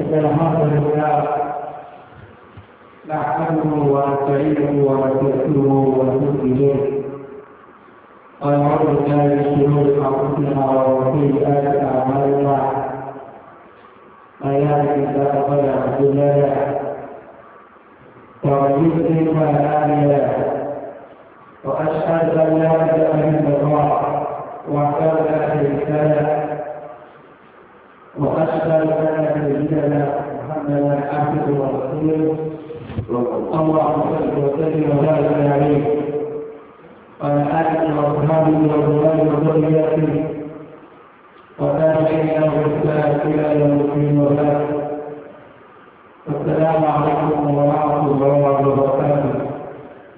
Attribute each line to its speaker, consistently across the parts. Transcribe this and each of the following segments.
Speaker 1: إن الحمد لله نحمده ونستعينه ونستغفره ونتوب إليه ونعوذ بالله من شرور أنفسنا وسيئات أعمالنا من يهده الله فلا مضل له ومن يضلل وأشهد أن لا إله إلا الله وحده لا وأشهد أن نبينا محمدا عبده ورسوله اللهم صل وسلم وبارك عليه وعلى آله وأصحابه وأزواجه وذريته وتابعين له بإحسان إلى يوم الدين وبعد السلام عليكم ورحمة الله وبركاته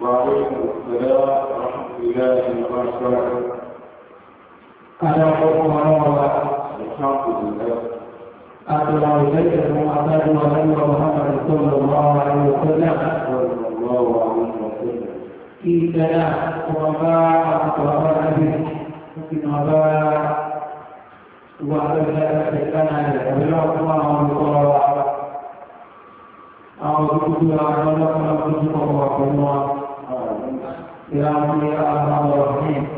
Speaker 1: وعليكم السلام ورحمة الله وبركاته أنا أخوكم أنا الله أطلع إليك من أبان وأن محمد صلى الله عليه وسلم صلى الله عليه وسلم في سلام وباء وباء به وفي وباء وعلى ذلك كان يتبلغ الله من صلى أعوذ بالله من الشيطان الرجيم يا رب يا أرحم الراحمين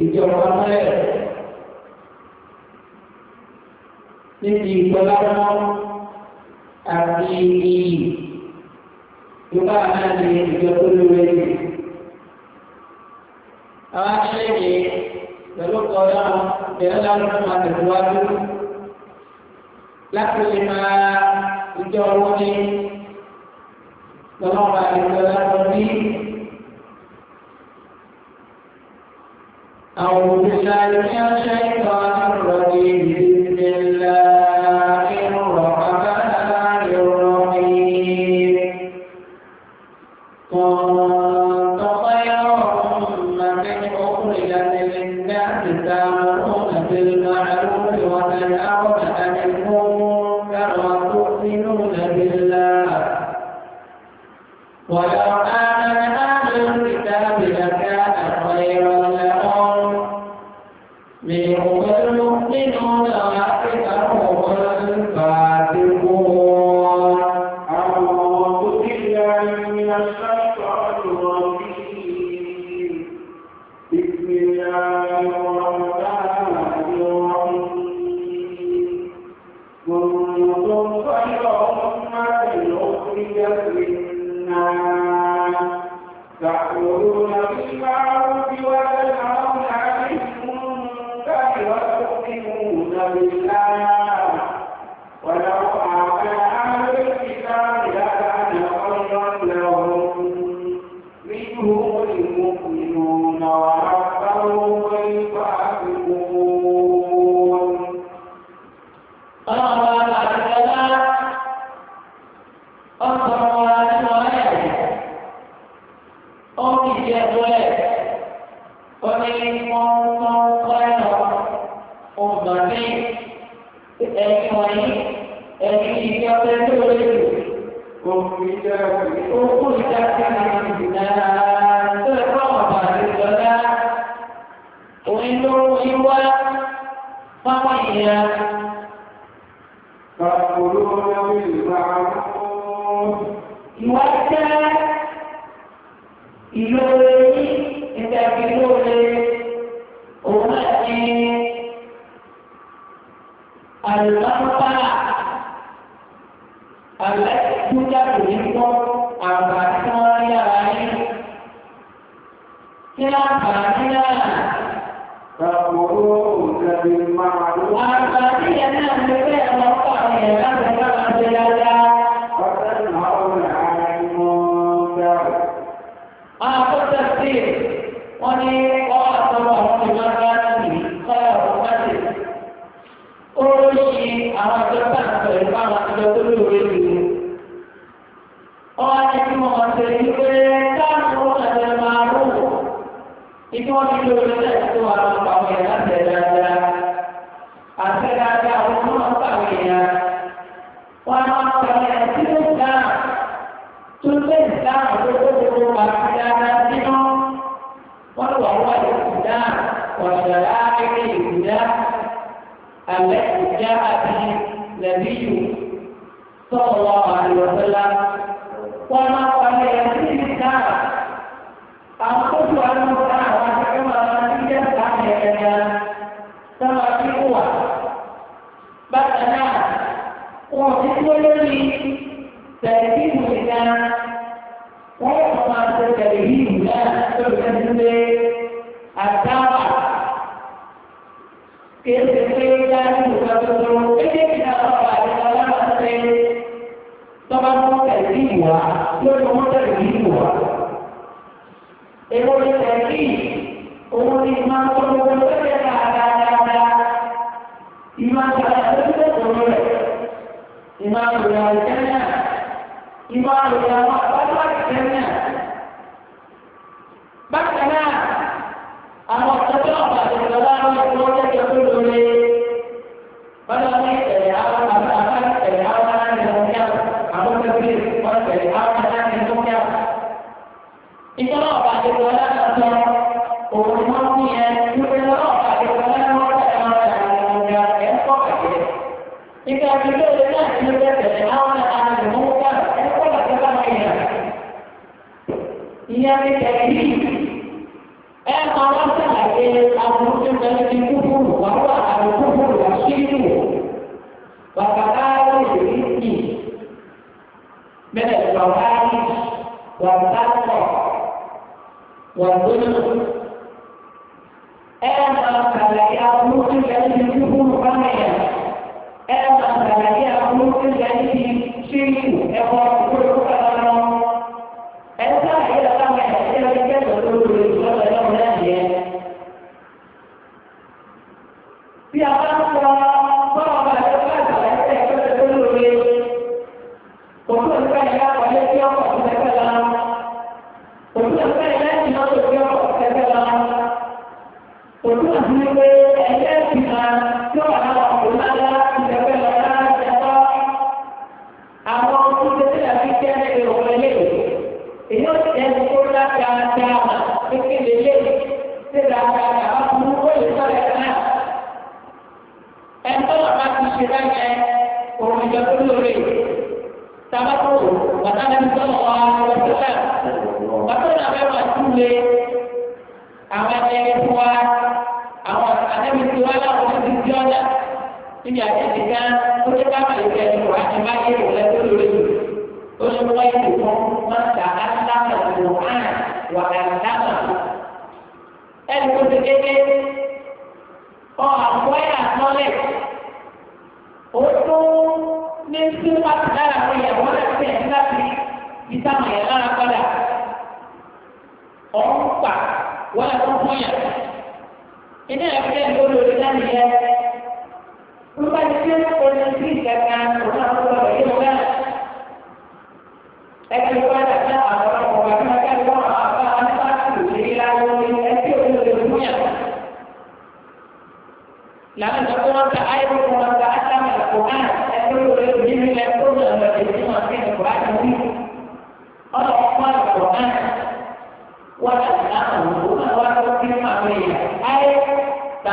Speaker 1: ìjọba mẹ́rẹ̀ níbi ìgbọ́láwọ́ àti iyì yorùbá náà ní ìjọba olóore àwọn aṣẹ́yẹ pẹ̀lú kọ́lá ẹ̀rọ lánàá máa tẹ̀síwájú láti lè máa ìjọ wọn ní lọ́wọ́ àti ìjọba wọn ní. أو بالله من الشيطان الرجيم òun ló ń wá fáwọn ìyá. Ìwà jẹ́ ìlóore ní ìdàgbé lóore òun náà ní àlùbáfà
Speaker 2: àlẹ́kùnjáde nípò àgbà tí wọ́n yára yín.
Speaker 1: Kí á bàa المعروف kita mengenal apa dah? Orang buka. Walau perempuannya. Ini apa yang dulu kita lihat. Rupa dia polisi dengan orang-orang bagi orang.
Speaker 2: Tapi juga ada orang-orang bagi orang apa anak
Speaker 1: pasu. Jadi lalu ini nanti orang dulu punya. Lalu satu orang tak air, orang tak asam, orang tak asam, orang tak asam, orang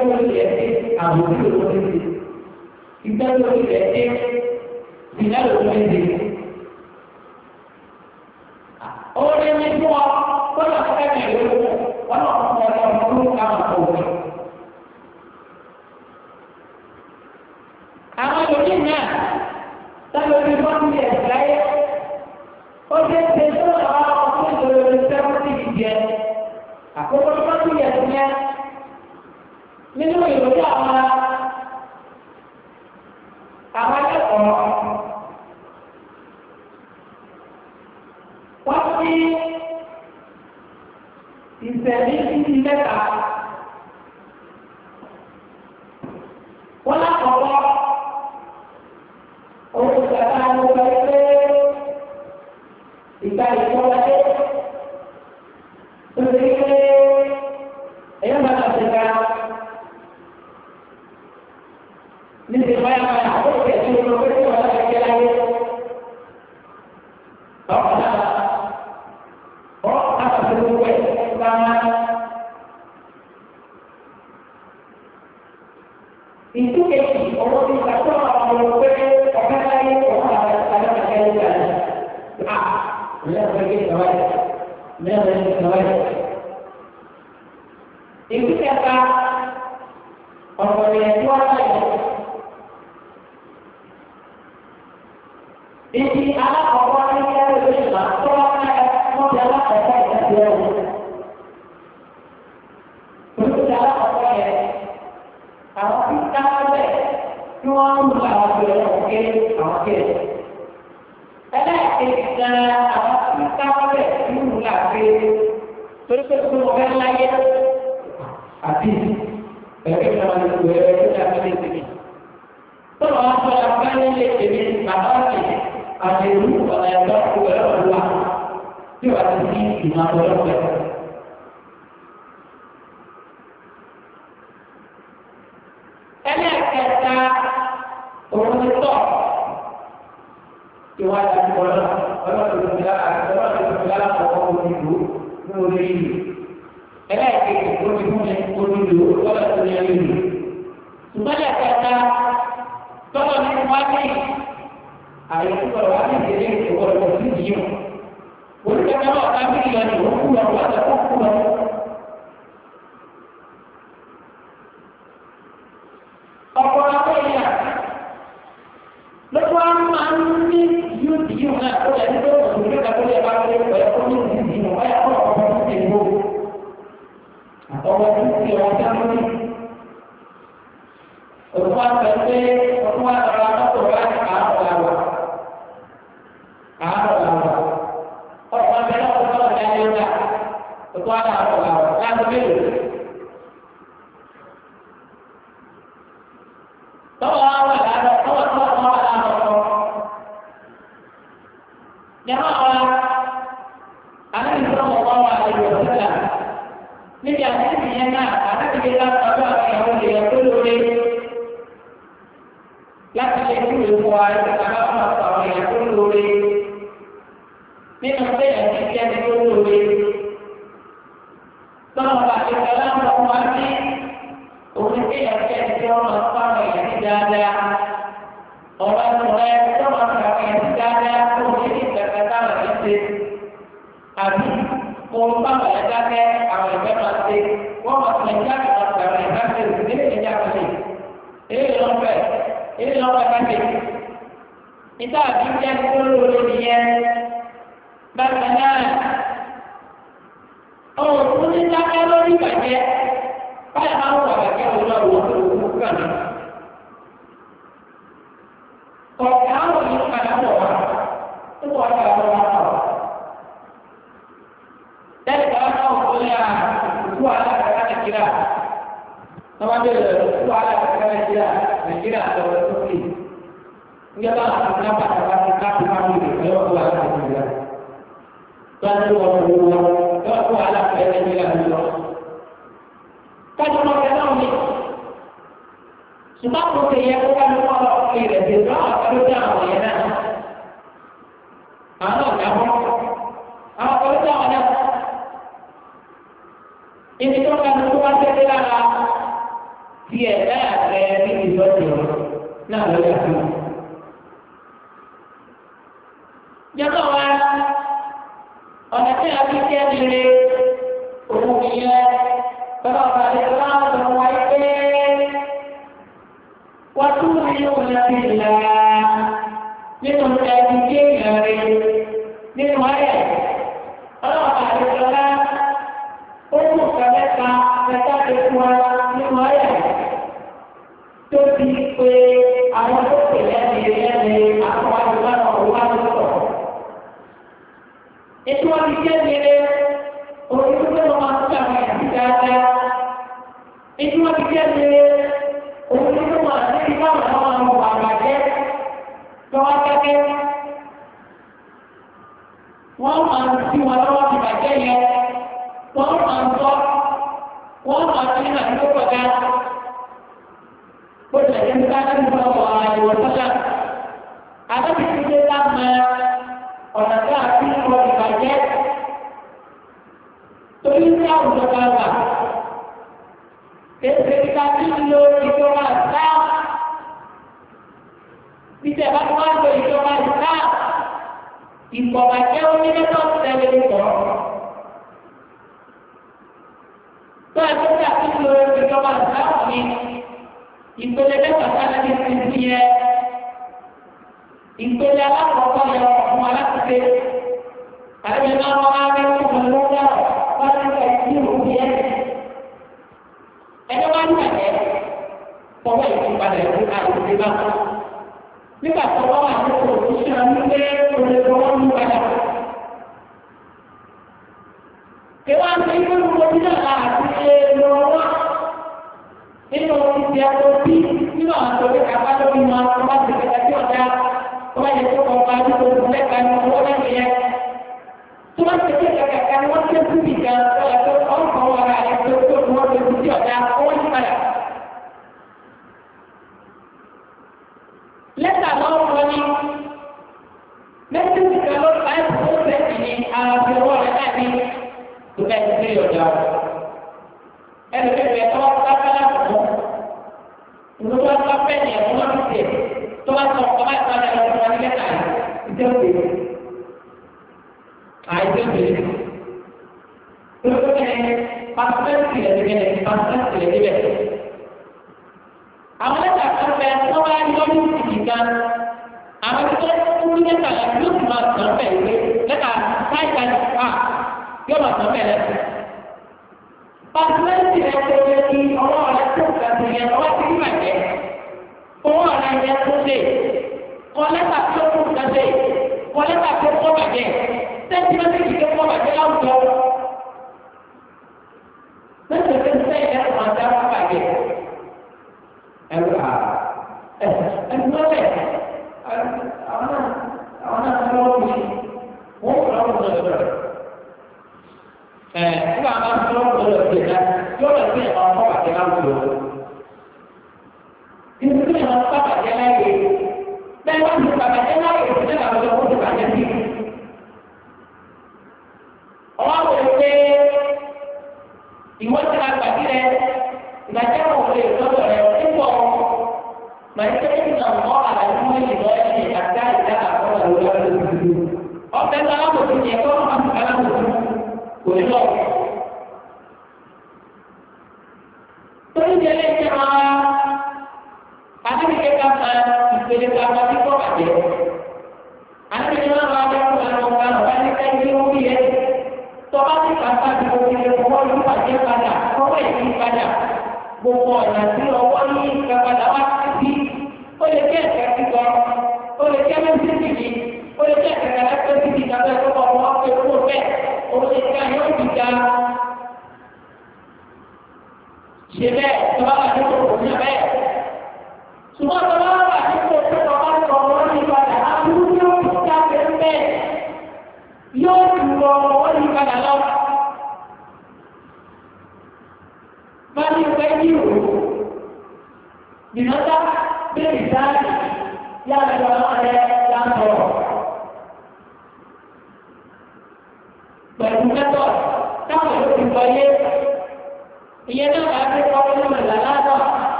Speaker 1: ìdájọ́ ìrẹsẹ̀ àbòjú òṣèlú ìdájọ́ kuni ini. Kerana itu kuni kuni kuni itu adalah kuni ini. Sebagai kata kalau ini mati, ayat itu berarti jadi orang kafir dia. Orang kafir kami tidak dihukum, orang kafir 但是，我我我要说完了，没人听了很多。但是，我看到你，是当初谁给我打电话的？记得记得，我叫什么名字？啊，我叫啊，我叫什的，你是从哪里过来的啊？记得，哎，你是多久？哪来的？你知道吗？你知道 ọ̀nà tí a fi jẹ́ rere òun nìyẹn
Speaker 2: bàbá ọba àdéhùn ọ̀dọ̀ wáyé pé
Speaker 1: wọ́n tún ní òun láti là nínú ẹni jẹ́ ìrìnàrè nínú ayẹ̀ ọlọ́ọ̀bà àdéhùn ọ̀la ó kù kẹ́lẹ́ta ẹ̀ka tó fún wa. tidur di tuan tak tidak bangun di tuan tak Ibu baca orang ini tak sedang di tuan
Speaker 2: Tuan tidak tidur di tuan tak ini
Speaker 1: Ibu jaga pasal lagi sendiri ya Ibu jaga pasal yang malas sedih àdébà nígbà tó wọ́n wà ní òṣìṣẹ́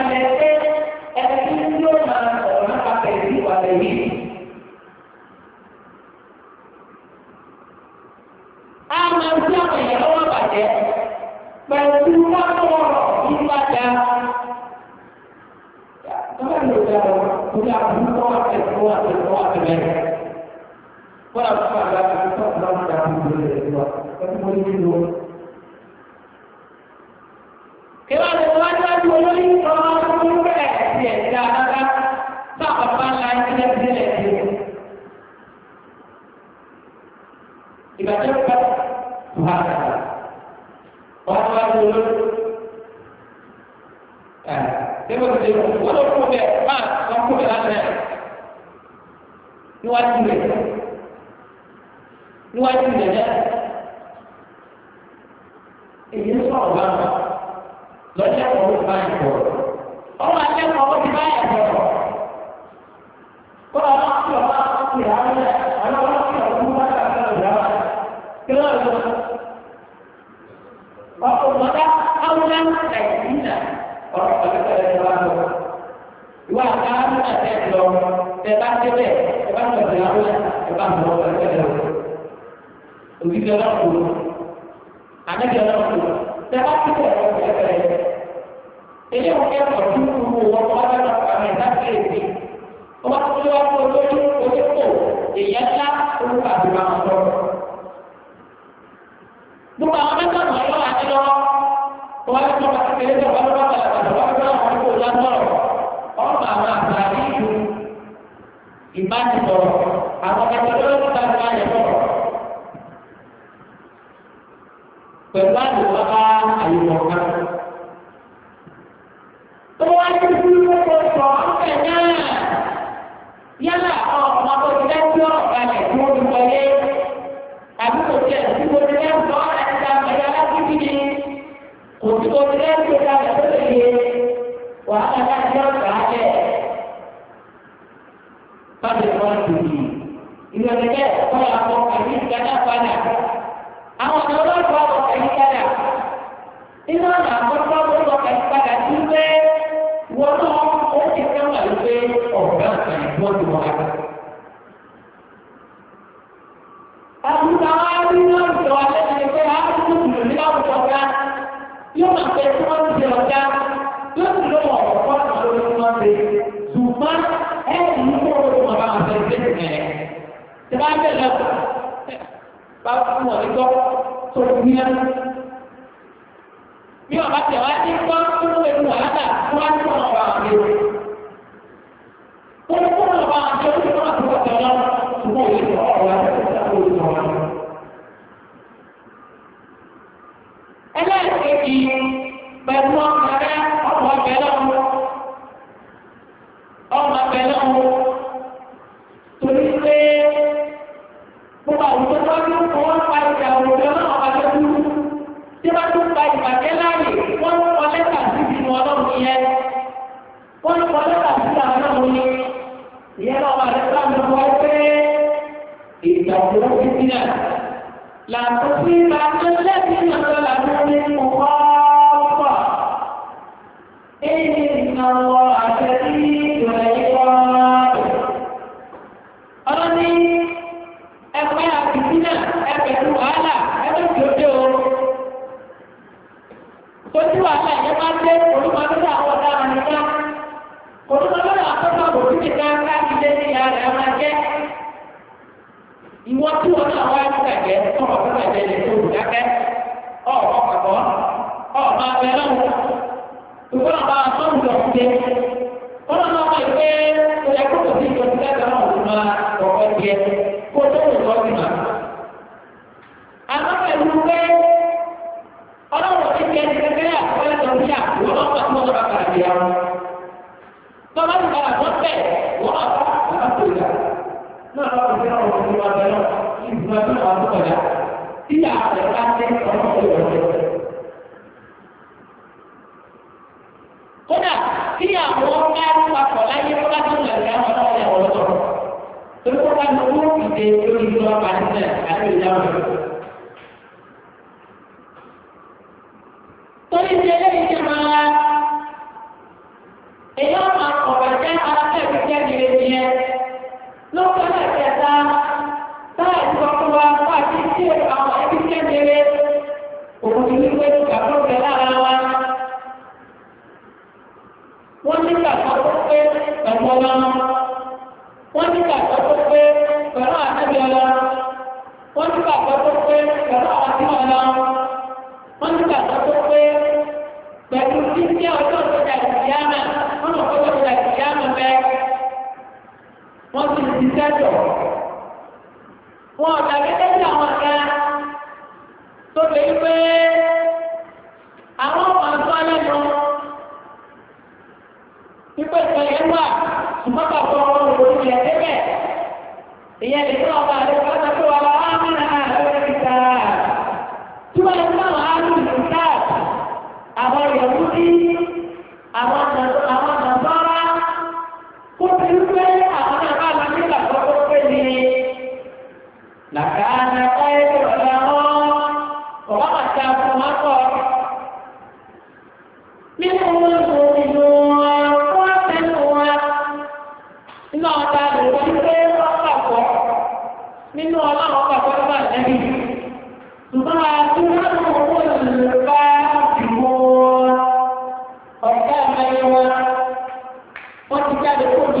Speaker 1: àmẹ́fẹ́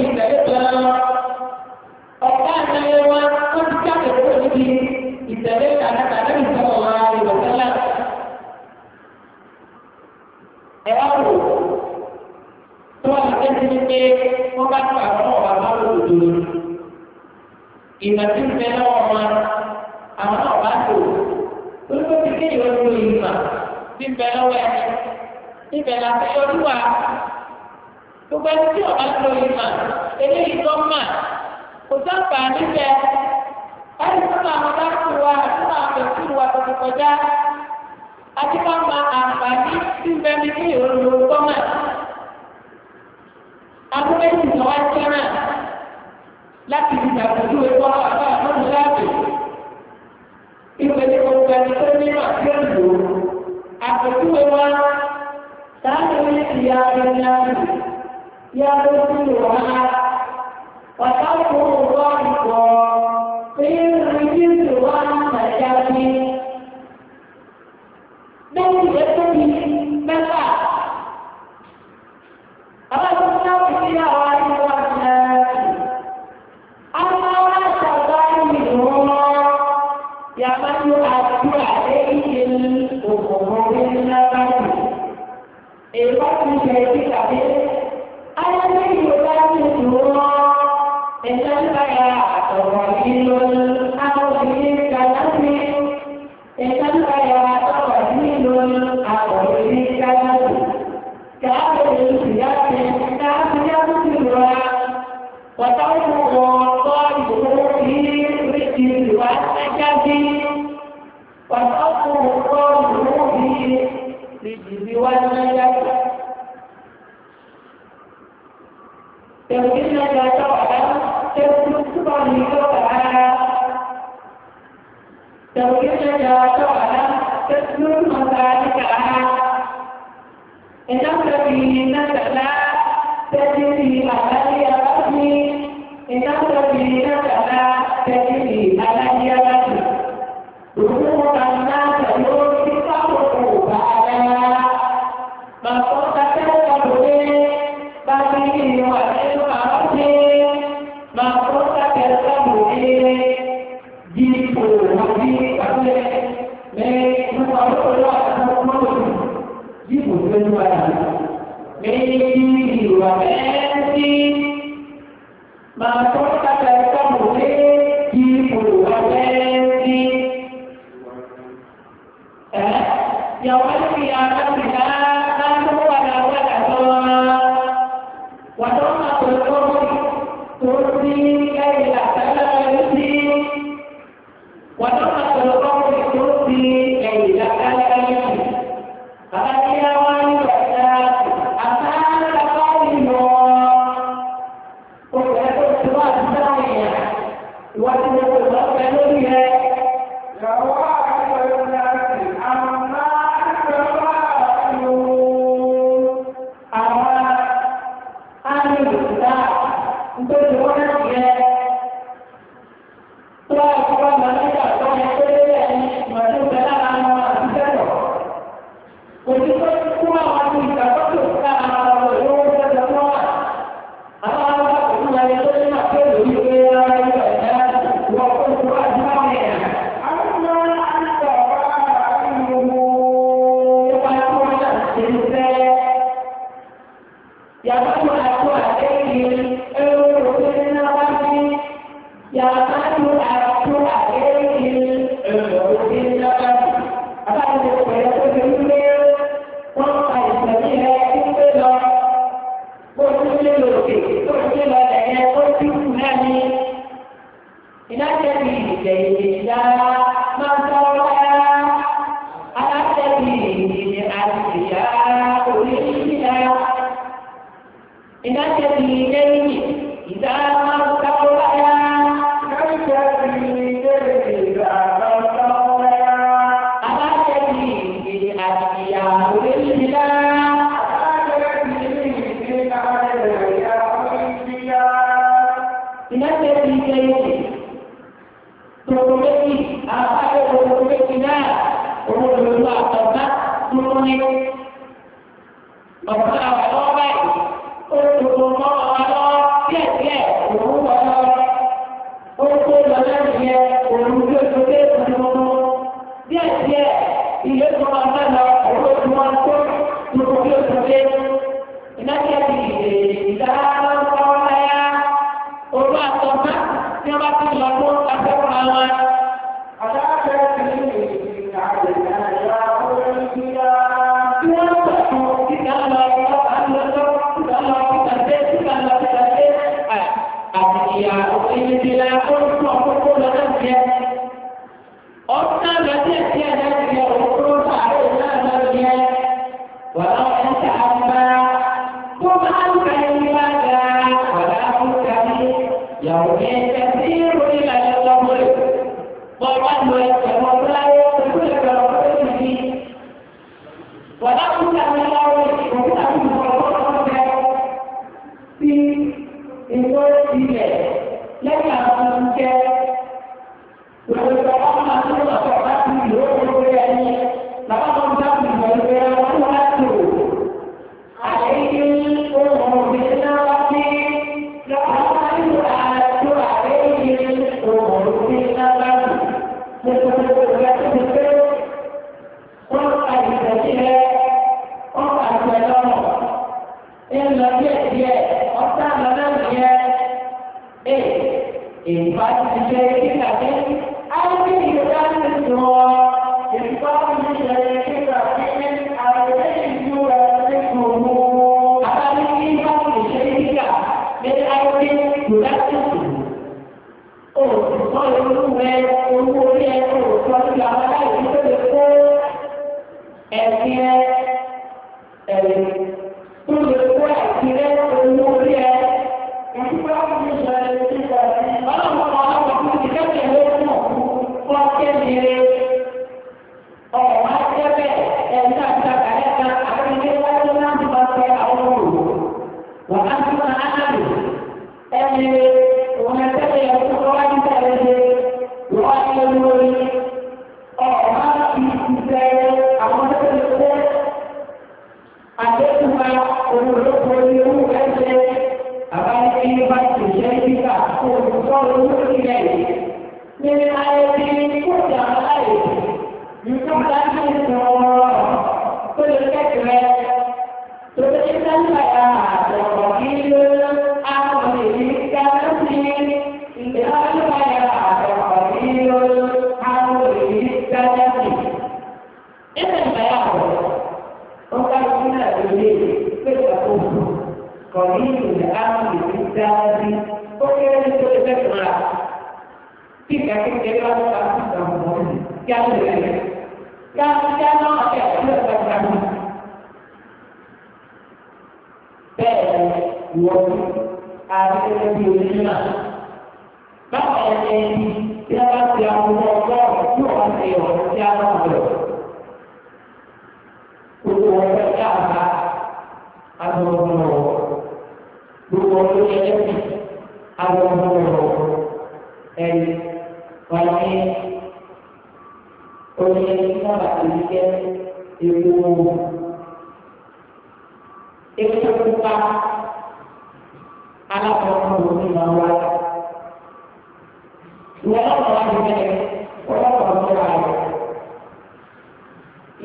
Speaker 2: òbí ìgbàlẹ̀ kan ọ̀pá àtàyẹ wa wọ́n ti jáde kúrò níbi ìtẹ̀lẹ́ kàdàkà lẹ́yìn sọ̀rọ̀ wa ìwọ̀ sẹ́lá. ẹ wá wò tó wà ní kẹ́sì
Speaker 1: ní pé wọ́n bá tó àwọn ọ̀bà máa lò lòdò ìgbà tí ń bẹ lọ́wọ́ wọn àwọn ọ̀bá gbogbo ẹni tí ọ̀bá tó lórí ìgbà eléyìí tó mà kò sáǹfà níbẹ̀ láti fún àwọn láti wá fún àwọn ẹ̀sìn wa tọ̀tọ̀ kọjá àti ká ma àǹfààní sí bẹ́ẹ̀ni ní ìròyìn olùkọ́mà. Agbẹ́bẹ́sì náà wá sẹ́ràn láti ìdàgbàjú ẹ̀kọ́ àbá àbọ̀dún láàbò. Ìpèsè gbogbo ẹni tó ní mà sí òdò. Àpèjúwe wa
Speaker 2: sáà ní ìyá ẹni láàbò.
Speaker 1: Yá ló sí ìwọ̀n náà. وتركوا الله Thank you.
Speaker 2: إذا كفي
Speaker 1: إذا ما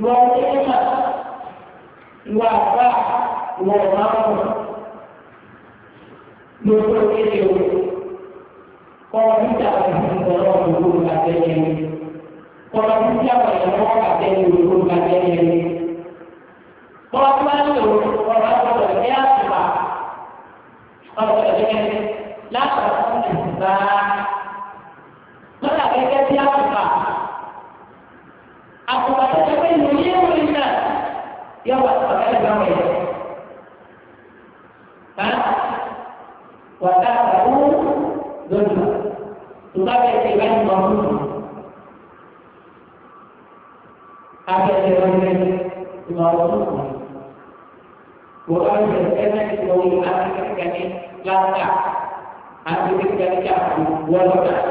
Speaker 1: ìwà onímọ̀ ìwà àbá ìwà ọ̀nàmọ̀ lóko kéde o kọ́ńtà ìgbọ̀nà òwúrò àtẹ̀yẹ kọ́ńtà ìgbọ̀nà àtẹ̀yẹ òwúrò àtẹ̀yẹ kọ́ńtà ìgbọ̀nà àtẹ̀yẹ àtìmá ọ̀sẹ̀ láti ọ̀sẹ̀ ìgbà. dia buat perkara yang baik. Kan? Buat tak tahu dosa. Sudah dia tinggal di bawah rumah. Akhir dia berjalan di bawah rumah. Bukan berjalan di bawah rumah. Akhir dia berjalan di bawah rumah. Akhir dia berjalan di bawah rumah.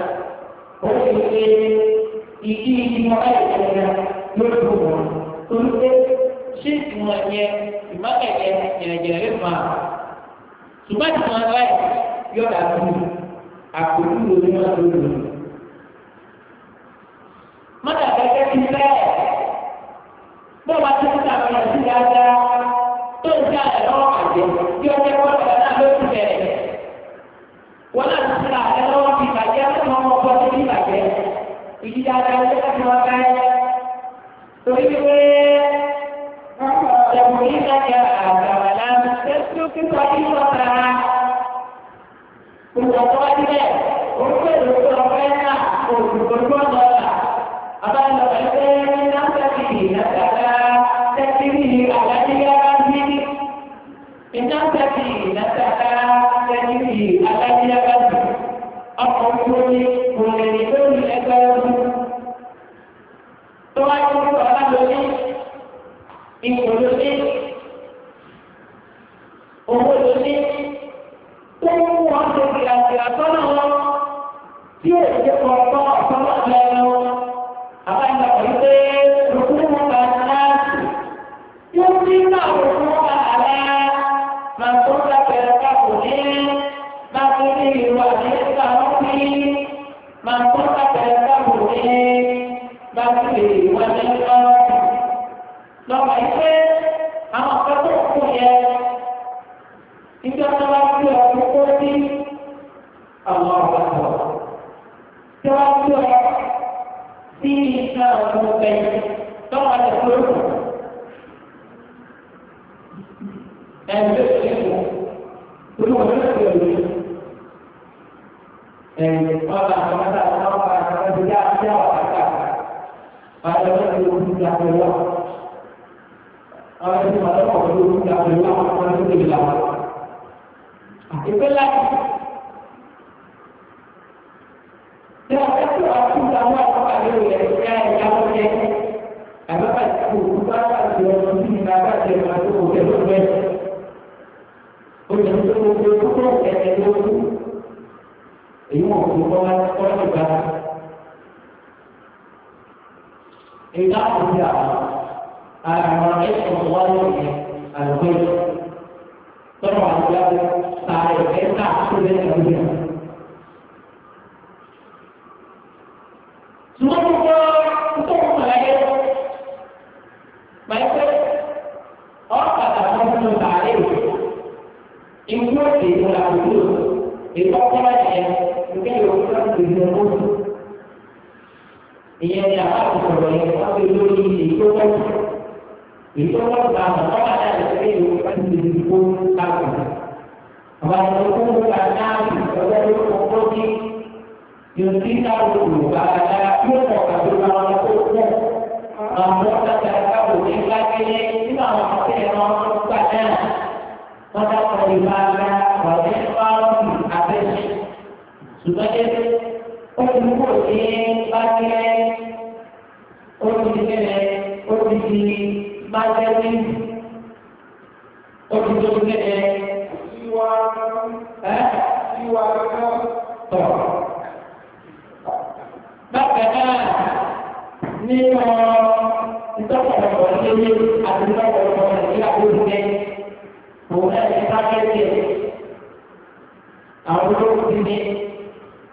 Speaker 1: Oh, ini. Ini dimulai dengan Yudhu. Tulis ṣé ìtumọ̀ yẹ ìmọ̀lẹ̀ yẹ ìrìnàjò rẹ̀ fà á ṣùgbọ́n tí wọ́n rẹ̀ yọ̀ dàbí àpòjú lórí wọn lórí. mọ́tà gẹ́gẹ́ bí bẹ́ẹ̀
Speaker 2: bẹ́ẹ̀ wá sí níta àwọn ọ̀sìn dáadáa
Speaker 1: tó ń dá ẹ̀ lọ́wọ́ àjẹ́ bí ọjọ́ ìwọ́n rẹ̀ náà ló ti bẹ̀rẹ̀
Speaker 2: wọ́n náà ti síra ẹ̀ lọ́wọ́ fi bàjẹ́ fún ọmọ ọgbọ́n tó ní bàjẹ́
Speaker 1: ìdí dáadáa ló ti
Speaker 2: لك ولم تسلك طريقها
Speaker 1: كل طالب ارسل ربنا قل كل ó ti kó ní bájẹ́ ó ti kẹ́lẹ̀ ó ti di bájẹ́ ní ó ti tó kẹ́lẹ̀ síwá ẹ́ síwá náà tọ̀. Bákan náà nínú ìtọ́kọ̀tọ̀ ìdílé àti ìtọ́kọ̀tọ̀ ìdílé àkójúdé òun náà ti bájẹ́ àwọn olóògùn ní.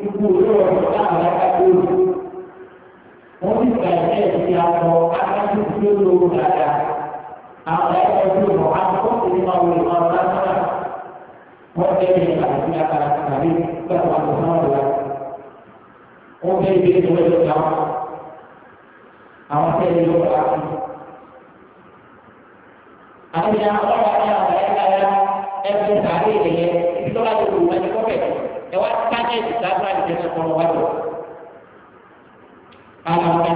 Speaker 1: ibu orang orang aku. Mungkin kerana siapa akan tujuh dulu saja. Ada orang tuh mengaku ini mau lima orang. Mungkin ini kerana siapa akan kami terbang ke sana dulu. Mungkin ini juga orang. Awak saya juga tak. Ada yang orang yang saya kaya, saya pun cari ni. Itulah tujuan kita. ẹ wá tájẹ́ ìdájọ́ àdìjẹ́ tó kọ́ wá lọ. ara wọn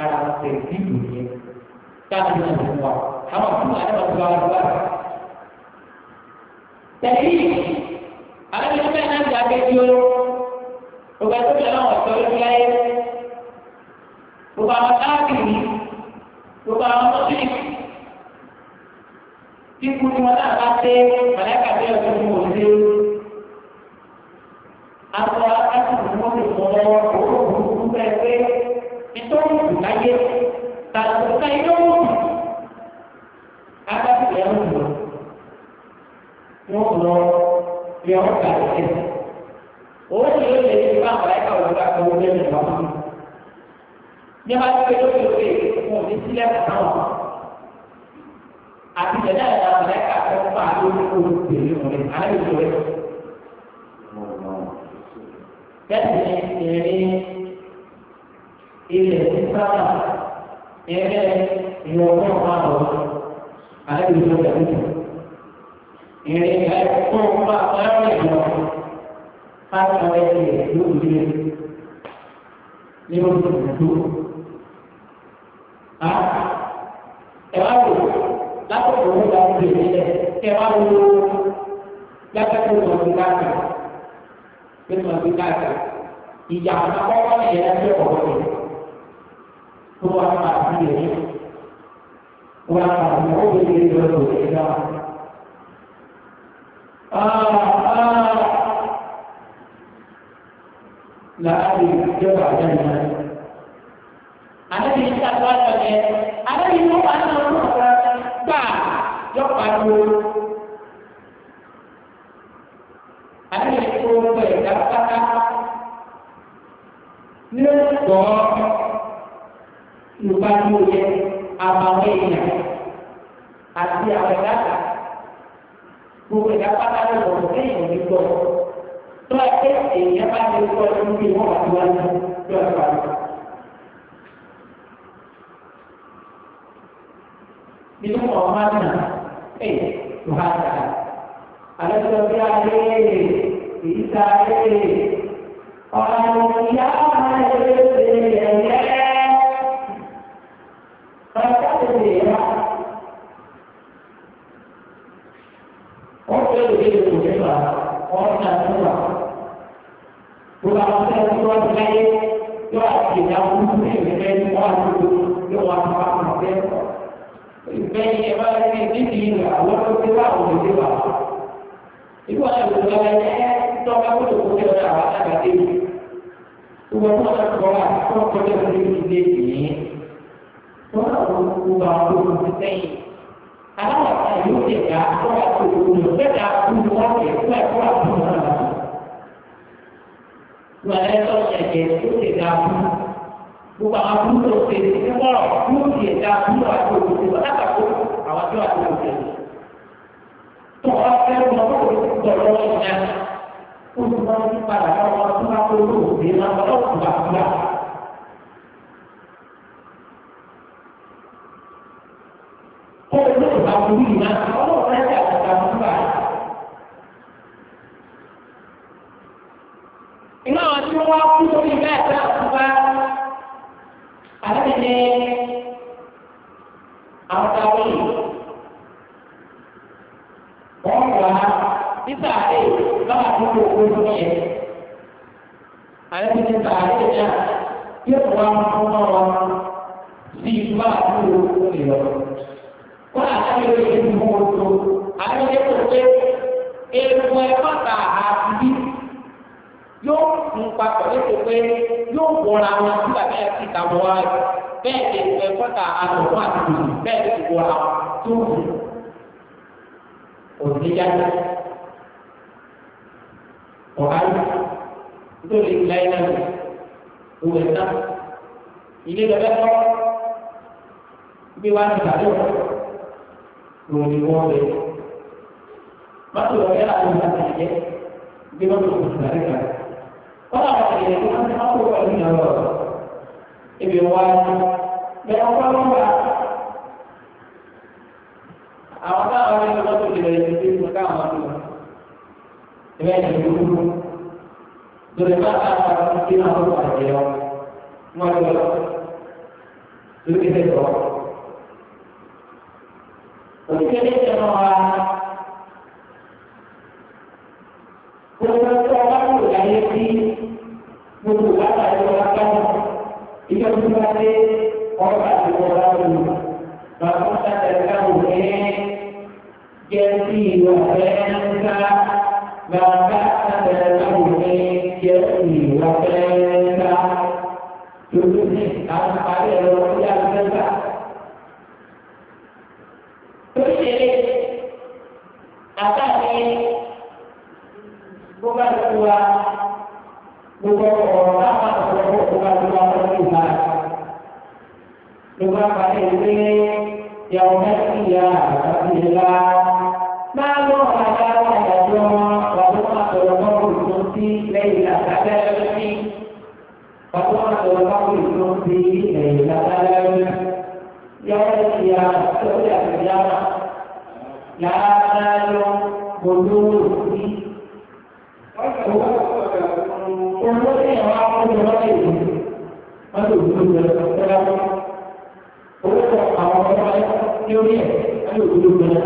Speaker 1: ara wọn tẹ̀ sí ìlú yẹn táàbí náà ti wà àwọn àbúrò àdáwà tó bá wà lọ́wọ́. tẹ̀lé àlejò bẹ́ẹ̀ náà ti àgbẹ̀dì o ògbà tó bẹ̀rẹ̀ àwọn ọ̀tọ́ lórí ayé gbogbo àwọn káàkiri gbogbo àwọn mọ́tìrì kíkú ni wọn náà bá dé mọ̀lẹ́kà bí ọ̀tún mọ̀ ọ́ àwọn akásùn wọn lè kà lẹ́yìn fún àwọn tó ń bá a lórí owó kendini ini kita ini ilmu baru ada di dunia ini ini kita perlu belajar apa yang dulu ini ilmu itu ah kalau kita perlu belajar ini kalau kita perlu belajar 这个应该是，你养的包包里面是好东西，不管是哪方面的，不管是哪方面的，都是有主题的。啊啊！那阿弟就打架呢？阿弟是干啥的？阿弟是干啥的？爸，要干
Speaker 2: 啥？阿弟。dapatkan
Speaker 1: lepas lupa mulia amalnya hati awak dapat bukan dapat ada bukti yang dibuat tuan kita ini apa yang dibuat mungkin mahu tuan tuan di rumah mana eh tuhan ada sesuatu yang Ibu ada berbagai kita kamu tu kerja ada apa lagi? Tuh aku tak sekolah, aku kerja sendiri sendiri. Tuh aku bukan aku sendiri. Kalau saya yuti ya, aku tak ya? tahu dulu. Saya tak tahu dulu lagi. Saya aku tak tahu dulu lagi. Mereka tu saya yuti ya, bukan aku sendiri. Kalau aku yuti ya, aku tak tahu dulu. Saya tak tahu. Awak tu aku sendiri. Tuh aku tak tahu dulu. Tuh aku tak tahu dulu. ó tún bá padà káwọn wọn tún bá tó lò ní ìlànà ọ̀tún bá tún bá. kó o lóòótọ́ àwọn olùyìnbá pé yóò wọra wọn nígbà bẹ́ẹ̀ sì ta wọ ara bẹ́ẹ̀ lè fẹ́ kọ́ta àtọ̀kọ́ àti tòṣì bẹ́ẹ̀ lè wọra tó wù òní yára ọ̀hánú lórí láyé náà òwe náà ilé lọ́dẹ́ kọ́ bí wàá ti bàtẹ́ wọ̀ lórí wọ́n lé mọ́tò lọ́dẹ́ làwọn ìgbà tẹ̀lé bí wọ́n tó kùtù lálẹ́ kàlẹ́. Jadi kita semua,
Speaker 2: kita semua
Speaker 1: mengubah dari orang Itu berarti orang di orang Bapak sadarkan ini Jadi wabengka Bapak sadarkan ini Jadi wabengka Dulu nih, Terus ini ثم فإني يوم القيامة إلا ما له علاقة وضمة الأمر القدس ليلة العلم وضمة الأمر القدس ليلة العلم يوم القيامة يوم القيامة يا تزال قلوب قلوب يا رب
Speaker 2: العالمين
Speaker 1: ní orí ẹ̀ ẹni òdodo gbẹ̀rẹ̀.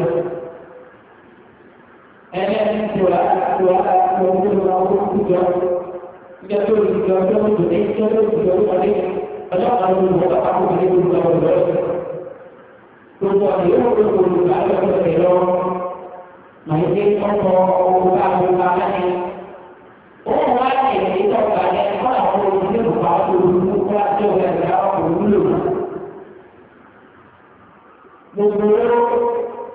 Speaker 1: Ẹni ẹni tiwa tiwa tiwa ń gbẹ̀rẹ̀ wọn kó kú jọ. Ìjọ tó lè jọ ọjọ́ tó lè jọ tó lè jọ wọlé. Ọjọ́ kan ló ń bọ̀ bá kó lè lọ. Gbogbo ọ̀dẹ̀ yóò kó kó lù bá lọ́dọ̀ lọ. Màá gbé ọkọ̀ owó bá owó bá láyé. Òun wá ní ìdí tọ́ka ní ọ̀làwọ̀ olùdókòwò àwọn olùdókòwò àti ọ̀gá ìgbà ọkọ̀ òwúlò náà gbogbo owó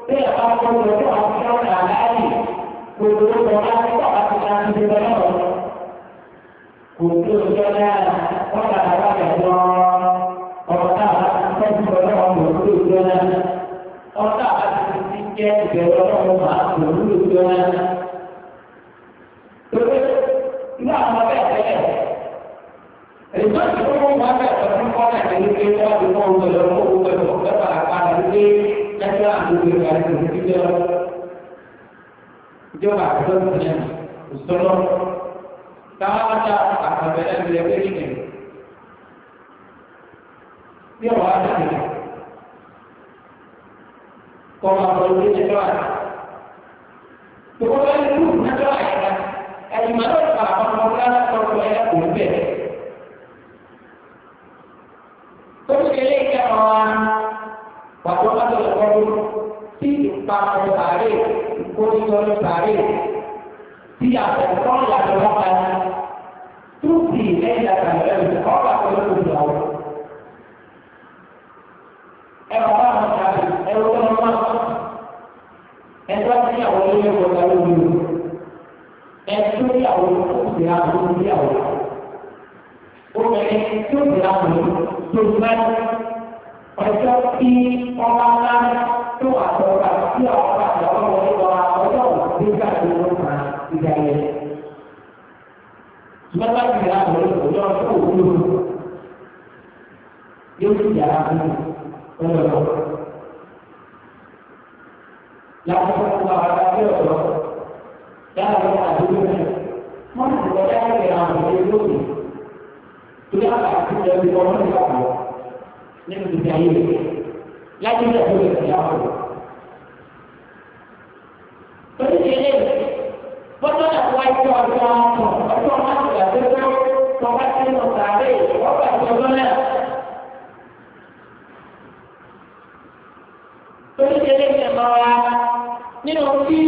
Speaker 1: tí ẹ̀ bá kọ́ lọ́jọ́ àwọn. ìjọba wa nínú tí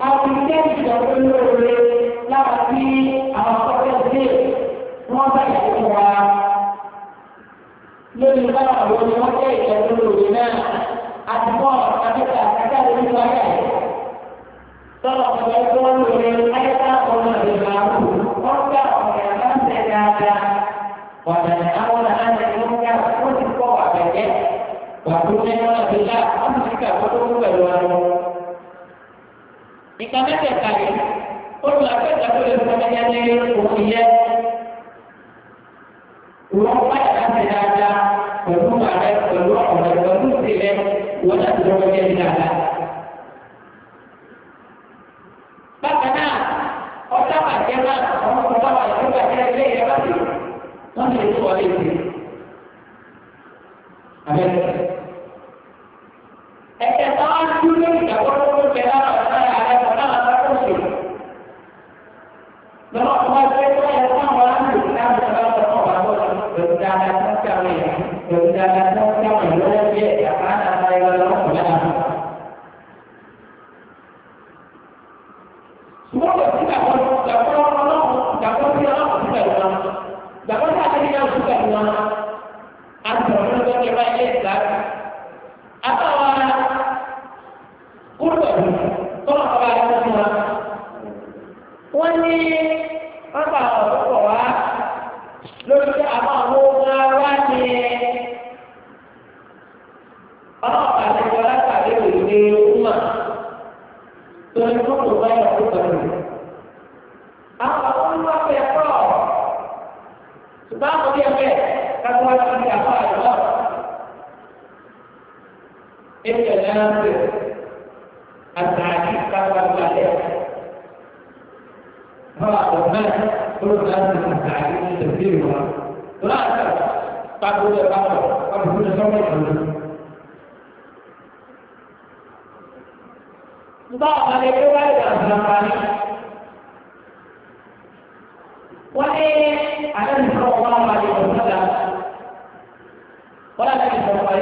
Speaker 1: àwùjọ ìjọba lóore lára sí àwọn akọ́kọ́ ìdílé wọn bá ìyàwó wa lórí báwọn àwọn ni wọ́n jẹ́ ìjọba lóore náà àti bọ́ àkẹ́kẹ́ àkẹ́kẹ́ àti nípa ayé tọ́lọ̀ ọ̀gá ìjọba lóore ayẹ́ká ọ̀nà ìgbà wọ́n gbà ọ̀gá ìjọba ń tẹ̀ dáadáa wàdà ní àwọn àná ìjọba wọ́n ti kọ́ àbẹ̀jẹ́. Bàtúndé wọn àti ilá Áfíríkà wọn tó kú pẹ̀lú ara wọn. Ìka mẹ́tẹ̀ẹ̀ta yìí, olùlàfẹ́ta tó lè fún ẹyẹ ní òkè yẹ.
Speaker 2: Wọ́n báyà láti dáadáa pẹ̀lú ààrẹ pẹ̀lú ọ̀rẹ́ pẹ̀lú ìpìlẹ̀ wọn láti lọ́wọ́ yẹ ní dáadáa. Bákan náà, ọ̀sán àti ẹ̀rọ àwọn ọmọ bàbá àti ilé ìrẹ́bàtì
Speaker 1: wọ́n lè tó wọlé ìdí. ver, empezaba chule era la de la la la Entah apa dia itu dalam dalam kami. Eh, ada di sekolah lagi berada. Pada di sekolah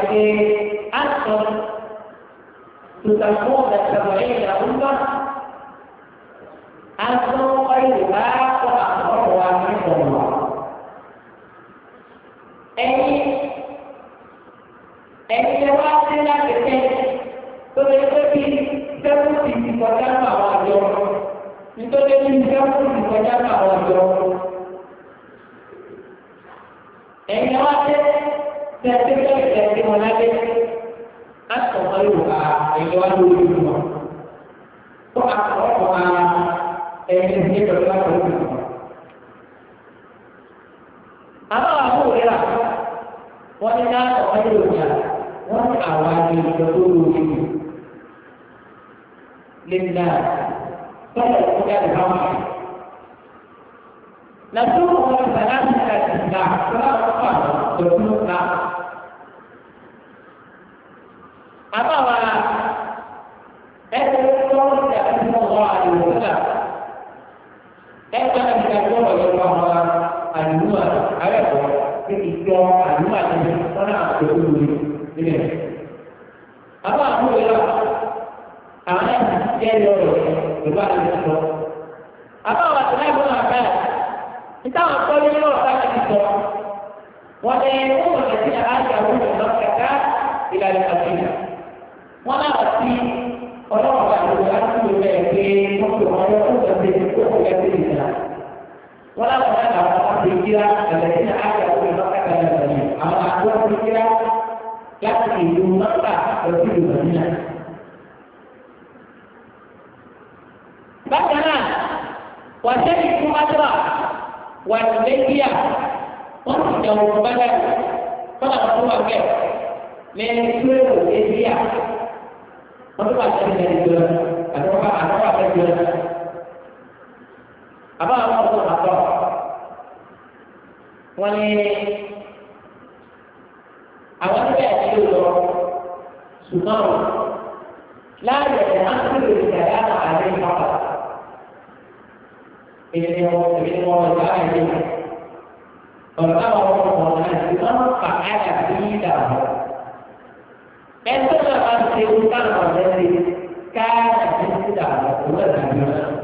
Speaker 1: sudah mulai terlebih يوم بدر فلا رسول الله من كل إبرياء
Speaker 2: Apa ada di dalam? Ada apa? Ada apa di dalam?
Speaker 1: Apa apa itu apa? Wani awal dia itu sunau. Lalu dia ambil dia ada apa? Ini dia mau ini mau dia ini. Kalau apa ada tidak. Entah apa sih utang pada diri, kan tidak ada tulen dan jurnal.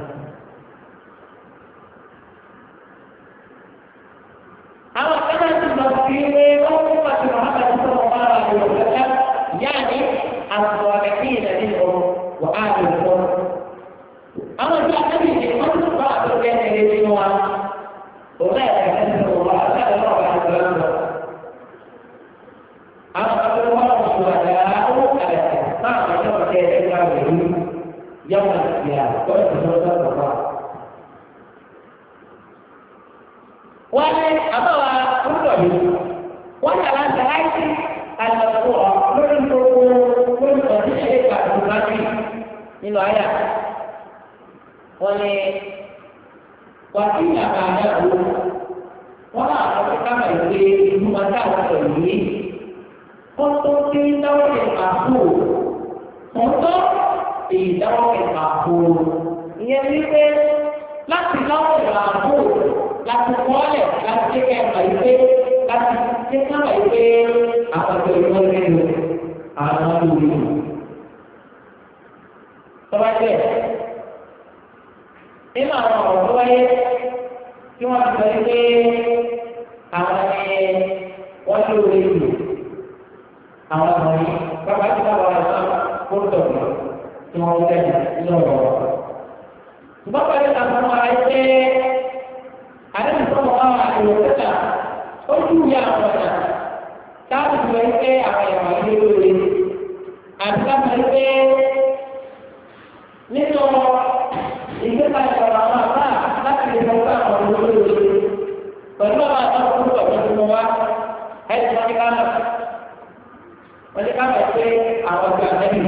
Speaker 1: ọ̀nà táàbù lọ pé àwọn ìyàwó ilé lóore àti láti pé nínú ìgbésà ìjọba àwọn àbá láti lè lọ bá àwọn olóore pẹ̀lú àwọn àtàwọn olùkọ́ tó mọ wá ẹ̀sìn wọn ní ká mọ̀ wọn ní ká mọ̀ pé àwọn ọjọ́ àtẹ́bí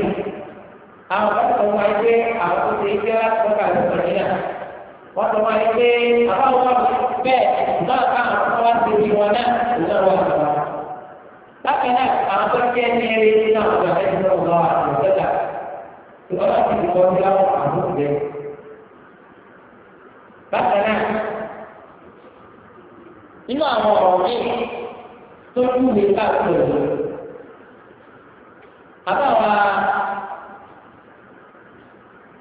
Speaker 1: àwọn ọ̀gá tó wáyé pé àwọn tó ṣe iṣẹ́ láti kọ́ka àti wọ́n tọ́ máa yẹ pé àbáwọ̀ wà bẹ́ẹ̀ náà káwọn kan wá sí ibi wọn náà ìlànà wọn kàn wá. bákan náà àwọn tó jẹ́ ní eré nínú àwọn ọ̀gá ẹ̀sìn náà lọ́wọ́ àti ọ̀gá ìwọ́n ti di kọ́ni láwọn àwọn òbí. bákan náà nínú àwọn ọ̀rọ̀ mi tó kú mi káàkiri ọ̀dọ́ àbáwọ̀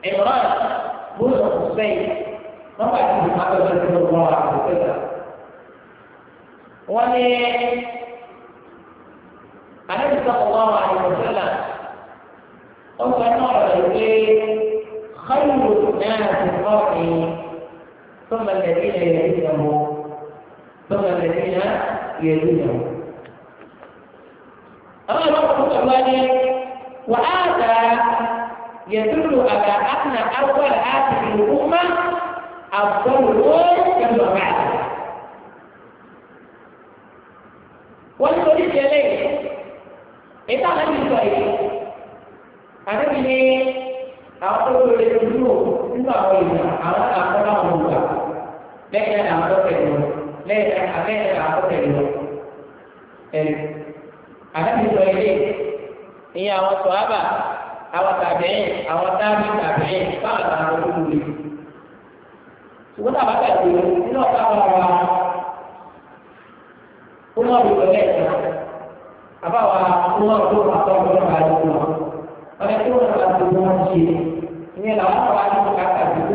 Speaker 1: ẹ̀rọ àbúrò ọ̀sẹ̀ طبعا هذا شكل الله عز وجل ولي النبي صلى الله عليه وسلم قلت أنه خير الناس قرني ثم الذين يلونهم ثم الذين يلونهم أما الوقت الأولاني وهذا يدل على أن أول هذه الأمة àbọ̀wò pẹ̀lú ọ̀gá rẹ̀. wọ́n ní oríṣi eléyìí èyí tá àlẹ́ mi sọ yìí àdébí ni àwọn tó lóore dúró nínú àwọn ìlú àwọn àkọ́lá àwọn olùgbà lẹ́yìn náà àwọn tó tẹ̀lé wọn lẹ́yìn náà lẹ́yìn náà àwọn tó tẹ̀lé àdébí sọ eléyìí ìyẹn àwọn sọ̀hábà àwọn tàbí àwọn táàbì tàbí báwọn àwọn olùgbò yìí ṣùgbọ́n tàbá tẹ̀lé nínú ọ̀tá wa wa ó má wù lọ́lẹ̀ ti wọ́n ṣe ìyẹn làwọn wa ní kàkà ìdíkú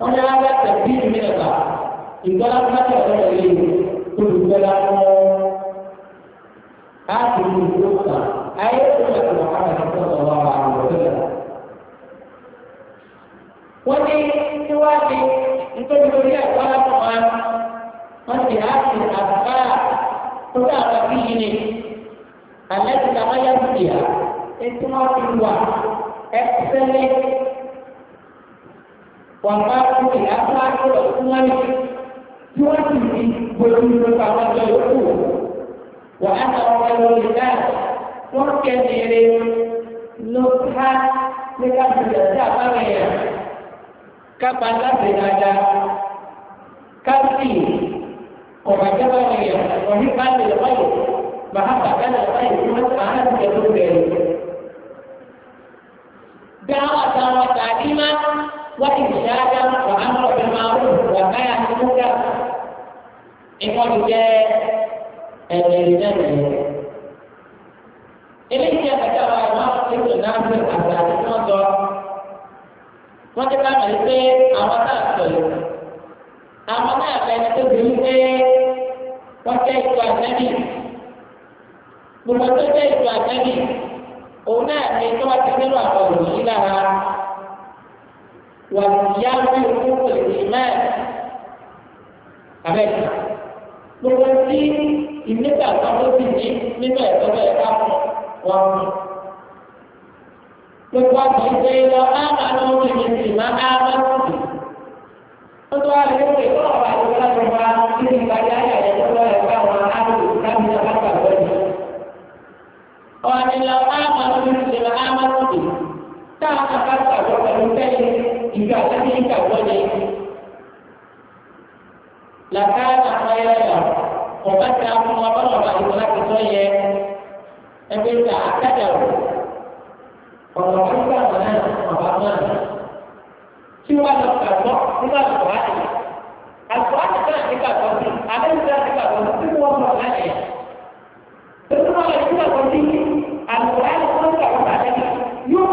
Speaker 1: wọ́n yára bá tẹ̀sí ìmìlẹ̀ta ìgbọ́lá pátá ọ̀rọ̀ yìí olùgbọ́lá mọ́ láti ní ìlú ọ̀sà ayé tó ń lọ àwọn ẹ̀kọ́ ọ̀rọ̀ àwọn ọ̀rọ̀ wọ́n ní síwájú nítorí orí ẹ̀kọ́ lápò wá wọ́n sì á sì àbúrá tó bá àwọn bí yìí ni
Speaker 2: alẹ́ ti ta báyà bìyà ètò wọn ti wà ẹ̀kọ́ sẹ́lẹ̀.
Speaker 1: các động wàhálà tó ti àbá lọ fún wọn ní tí wọn sì fi gbogbo gbogbo àwọn ọjọ́ yòókù wàhálà wọn lọ lè dá wọn kẹmẹrẹ ló ká nípa ìjọba tí a bá rẹ yàn kápá láti dáadáa káàsì ọ̀gájọ́ bá rẹ yàn ọ̀ní bá lè lọ́yọ̀ màhábà bá lè lọ́yọ̀ tí wọ́n máa ń jẹ́ lóbẹ̀rẹ̀. dáwà dáwà tàbí máa. وإرشادا وأمر بالمعروف ونهي عن المنكر إخوة جاء الإنسان
Speaker 2: eléyìí ẹ̀ka tí àwọn àwọn akéwì náà ń bẹ̀rẹ̀ àgbà àti tí wọ́n sọ
Speaker 1: wọ́n ti ká mẹ́rin pé àwọn náà sọ yìí àwọn náà bẹ̀rẹ̀ tó bí wípé wọ́n jẹ́ ìtò àtẹ́bí gbogbo tó jẹ́ ìtò àtẹ́bí òun náà ní tí wọ́n ti nínú àwọn òyìn lára والرجال في حقوق الإيمان أبدا gbogbo tí ìmẹ́ta àtàwọn ti ní nínú ẹ̀tọ́ bẹ́ẹ̀ ká fún wọn mú. gbogbo àgbà ìgbẹ́ lọ áàmà ní wọn kì í sì máa áàmà sí. ó tó wá lè pè kọ́ ọ̀rọ̀ àti ìgbàlódé wa kí ni ìgbàlódé ayé ẹ̀jẹ̀ tó lọ́ọ́ ẹ̀ka wọn áàmì láti ní ọ̀gá àgbà wọn. ọ̀nì lọ áàmà ní wọn kì í sì máa áàmà sí. táwọn àgbà àgbà pẹ̀lú tinggalkan diri kau wajah itu. Lakan apa ya ya? Obat kamu apa lah, yang itu lagi soye? Tapi tidak ada jauh. Kalau kita mana apa mana?
Speaker 2: Cuma lakukan kok, cuma lakukan. Alquran kita kita kunci, ada juga kita kunci semua orang lain. Semua lagi kita kunci. Alquran pun kita kunci.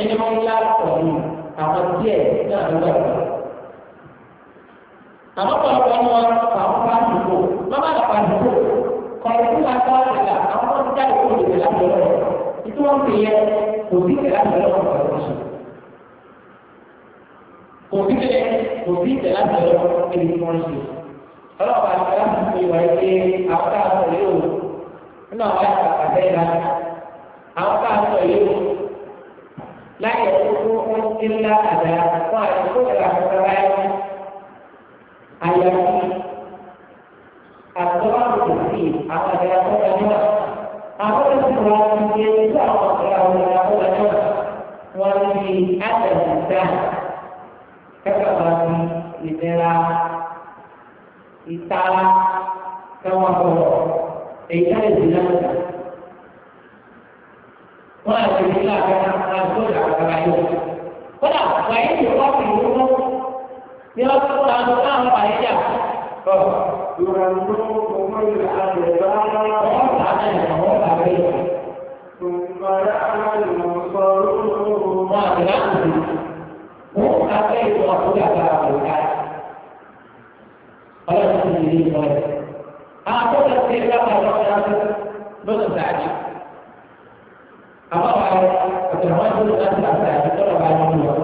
Speaker 1: ẹni ní wọ́n lá pọ̀lú àwọn díẹ̀ náà ló wà lọ. Àmọ́ pọ̀lọpọ̀ ni wọ́n àwọn bá dùkú, wọ́n bá dàpọ̀ dùkú, kọ̀ọ̀lù tí wọ́n bá wà là àwọn bá dá ìkó òdìdè láti lọ́wọ́. Ìtú wọn fi yẹ òdìdè láti lọ́wọ́ pẹ̀lú sùn. Òdìdè òdìdè láti lọ́wọ́ pẹ̀lú wọn sùn. Ọlọ́pàá ti rá fún mi wáyé pé àwọn káàkiri yóò nínú àwọn illa ada satu dalam keterangan ayat ini. Atau bukti apa yang kita buat? Apa yang kita buat? Ia itu apa yang kita buat? Wali ada dan kekabat di dalam kita kawal. Ia adalah
Speaker 2: Wah, jadilah kerana Rasulullah SAW.
Speaker 1: kódà wàyí ti kọ́ fi ìlú mú
Speaker 2: ní ọdún tó lánàá láwọn wàyí jà.
Speaker 1: Apa yang termasuk dalam sahaja itu lebih banyak.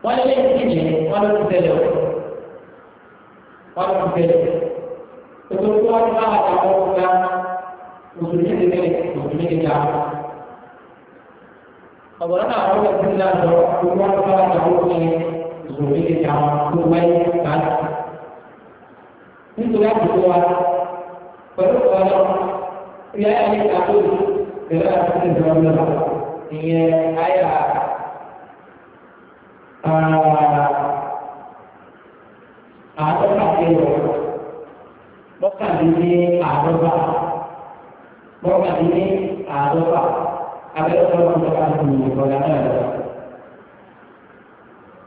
Speaker 1: Walau yang ini, walau tidak ada, walau tidak ada, tetapi
Speaker 2: tuan tuan ada orang yang
Speaker 1: musuhnya tidak, musuhnya tidak. Apabila orang yang tidak ada, tuan tuan ada orang yang musuhnya tidak, tuan tuan ini sudah tuan perlu orang yang ada satu dengan sesuatu yang dia ayat Uh, ada ah, ah, tak itu? Bukan ini ada ah, tak? Bukan ini ada tak? Apa itu orang bukan ini? Bukan ada.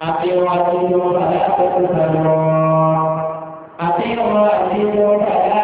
Speaker 1: Ati orang itu ada apa itu? Ati orang itu ada